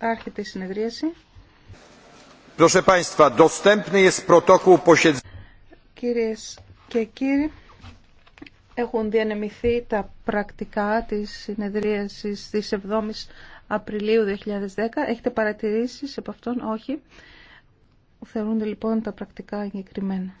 Άρχεται η συνεδρίαση. Κυρίες και κύριοι, έχουν διανεμηθεί τα πρακτικά της συνεδρίασης της 7 η Απριλίου 2010. Έχετε παρατηρήσεις από αυτόν, όχι. Θεωρούνται λοιπόν τα πρακτικά εγκεκριμένα.